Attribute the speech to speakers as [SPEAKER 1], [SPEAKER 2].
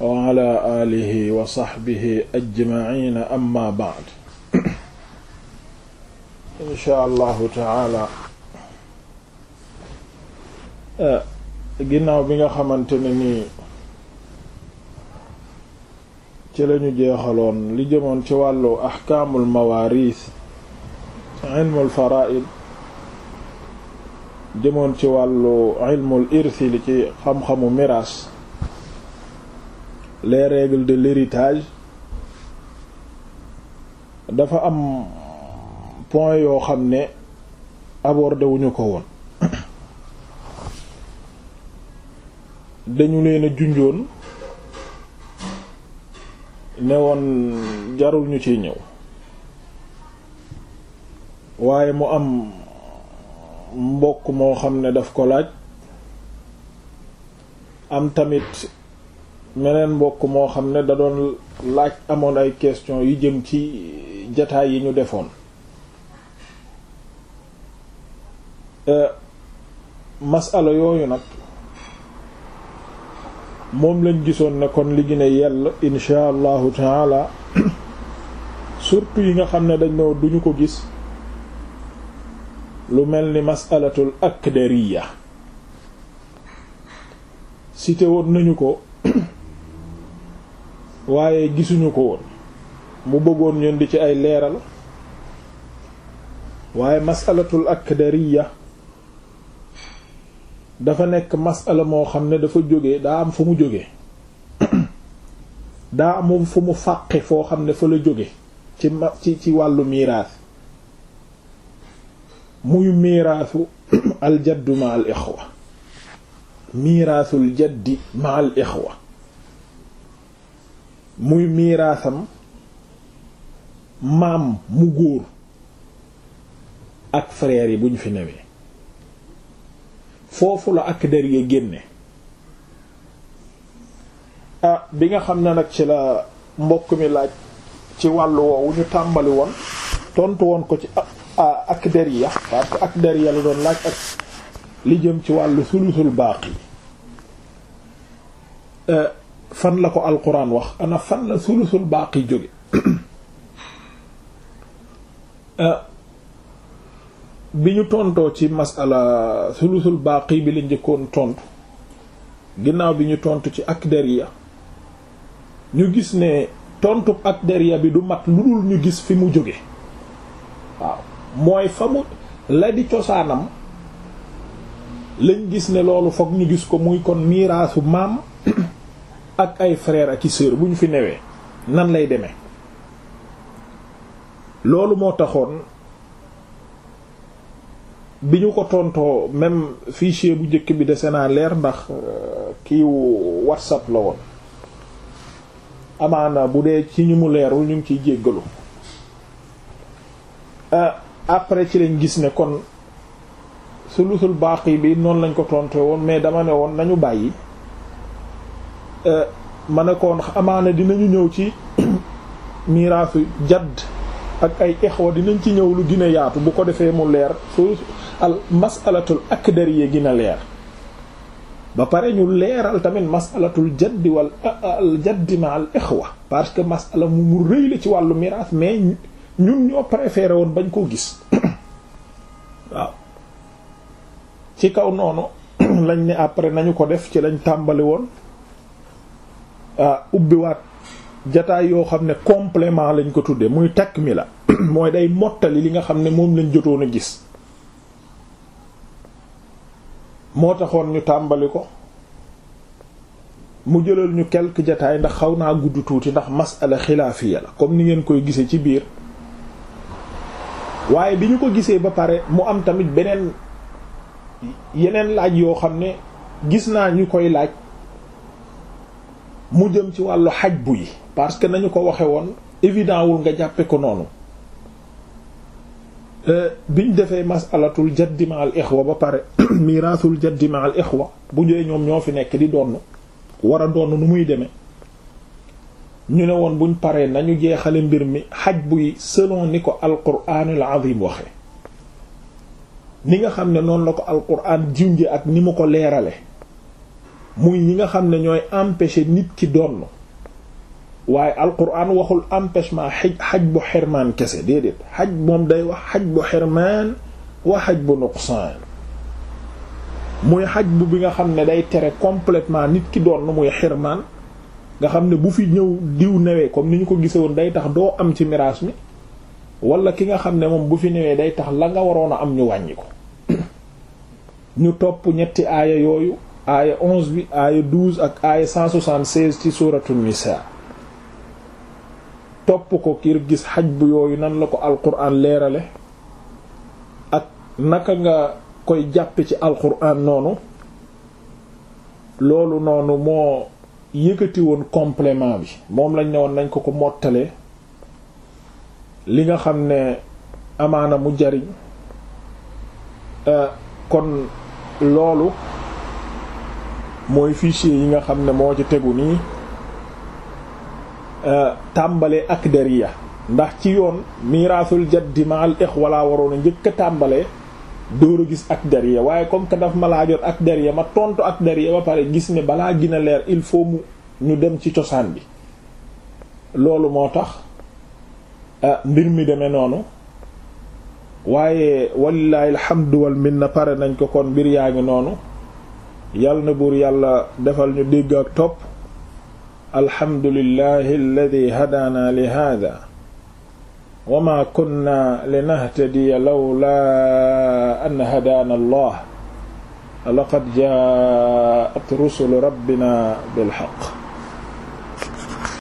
[SPEAKER 1] wa ala aalihi wa saxbihi ajmaciina amma bacd insha allahu taala eh, ginnaaw bi nga xamante ne nii ci lañu jeexaloon li jëmoon ci wàllu axkaamul mawaaris ilmul faraa'id jëmoon ci wàllu ilmul li ci xam-xamu miraas les règles de l'héritage dafa am point yoo xam ne abordé ko woon dañu leen a junjoon ne woon jarul ñu ciy ñëw waaye mu am mbokk moo xam ne daf ko laaj am tamit meneen mbokk moo xam ne da doon laaj amoon ay question yu jëm ci jataay yi ñu defoon euh, masala yooyu nag moom lañ gisoon ne kon li gën a yell insha allahu taala surtout yi nga xam ne dañ ne duñu ko gis lu mel ni masalatul akdariya cité woon nañu ko waaye gisuñu ko woon mu bëggoon ñun di ci ay leeral waaye masalatul akdariya dafa nekk masala moo xam ne dafa jóge daa am fu mu jóge daa am fu mu fàqe foo xam ne fa la jóge ci ma ci ci wàllu miiraas muy miiraasu aljaddu ma al ixwa miiraasul jaddi ma al ixwa muy miiraasam maam mu góor ak frères yi bu ñu fi newee foofu la ak der ya génne ah, bi nga xam ne nag ci la mbokk mi laaj ci wàllu woowu ñu tàmbali woon tontu woon ko ci ak der ya parce que ak der ya la doon laaj ak li jëm ci wàllu sulusul baaqi eh, fan la ko alquran wax ana fan la sulusul baaqi jóge ah, bi ñu tontoo ci masala sulusul baaqi bi la njëkkoon tontu ginnaaw bi ñu tontu ci akdariya ñu gis ne tontu akdariya bi du mat lu dul ñu gis fi mu jóge waaw mooy fa mu la di cosaanam lañ gis ne loolu foog ñu gis ko muy kon miraasu maam ak ay frère ak i sœur bu ñu fi newee nan lay demee loolu moo taxoon bi ñu ko tontoo même fichier bu njëkk bi dese naa leer ndax euh, kii whatsapp la woon amaana bu dee ci ñu mu leerul ñu ngi ciy jéggalu euh, après ci lañ gis ne kon sulusul baaqi bi noonu lañ ko tontoo woon mais dama ne woon nañu bàyyi ma ne amaane amaana dinañu ñëw ci miraasu jadd ak ay ixwa dinañ ci ñëw lu gën yaatu bu ko defee mu leer su al masalatul akdariya gën a leer ba pare ñu leeral tamit masalatul jaddi wal al jaddi ma al ixwa parce que masala mu rëy ci wàllu miraas mais ñun ñoo préféré woon bañ koo gis waaw ci kaw noonu lañ ne après nañu ko def ci lañ tàmbali woon Euh, ubbiwaat jataay yoo xam ne complément lañ ko tuddee muy takk takmila mooy day mottali li nga xam ne moom lañ jotoon a gis moo taxoon ñu tàmbali ko mu jëlal ñu quelque jataay ndax xaw naa gudd tuuti ndax masala xilaafiya la comme ni ngeen koy gisee ci biir waaye bi ñu ko gisee ba pare mu am tamit beneen yeneen laaj yoo xam ne gis naa ñu koy laaj mu jëm ci wàllu xaj bu yi parce que nañu ko waxe woon évident wul nga jàppe ko noonu euh, biñ defee masalatul jaddi ma al ixwa ba pare miraasul jaddi ma al ixwa bu jëlee ñoom ñoo fi nekk di donn wara donn nu muy demee ñu ne woon buñ paree nañu jeexale mbir mi xaj buy selon ni ko alquraanul azim waxe ni nga xam ne noonu la ko alquraan junje ak ni mu ko leerale muy ñi nga xam ne ñooy empêcher nit ki doon waaye alquran waxul empêchement xaj xaj bu xirmaan kese déedéet xaj moom day wax xaj bu xirmaan wa xaj bu nuqsaan muy xaj bu bi nga xam ne day tere complètement nit ki doon muy xirmaan nga xam ne bu fi ñëw diw newee comme ni ñu ko gise woon day tax doo am ci miraas mi wala ki nga xam ne moom bu fi newee day tax la nga waroon a am ñu wàññi ko ñu topp ñetti aaya yooyu aaya 11 bi aaya 12 ak aaya 176 ci suuratu nisaa topp ko kir gis xaj bu yooyu nan la ko alquran leerale ak naka nga koy jàppe ci alquran noonu loolu noonu moo yëkkati woon complement bi moom lañ ne nañ ko ko mottalee li nga xam ne amaana mu jariñ eh, kon loolu mooy fichier yi nga xam ne moo ci tegu nii euh, tàmbalee ak dariya ndax ci yoon miraasul jaddi ma al ixwa laa waroon a njëkk a tàmbalee dóor a gis ak dariya waaye comme que daf ma laajoon ak dariya ma tontu ak dariya ba pare gis ne balaa gën a leer il faut mu ñu dem ci cosaan bi loolu moo tax euh, mbir mi demee noonu waaye walilahi alhamdu wal na pare nañ ko kon mbir yaa ngi noonu yal na buur yàlla defal ñu dégg ak topp alhamdulillahi alladi hadaana li hada wa ma kunna linahtadiya lawla an hadaana allah laqad jaat rusulu rabbina bilhaq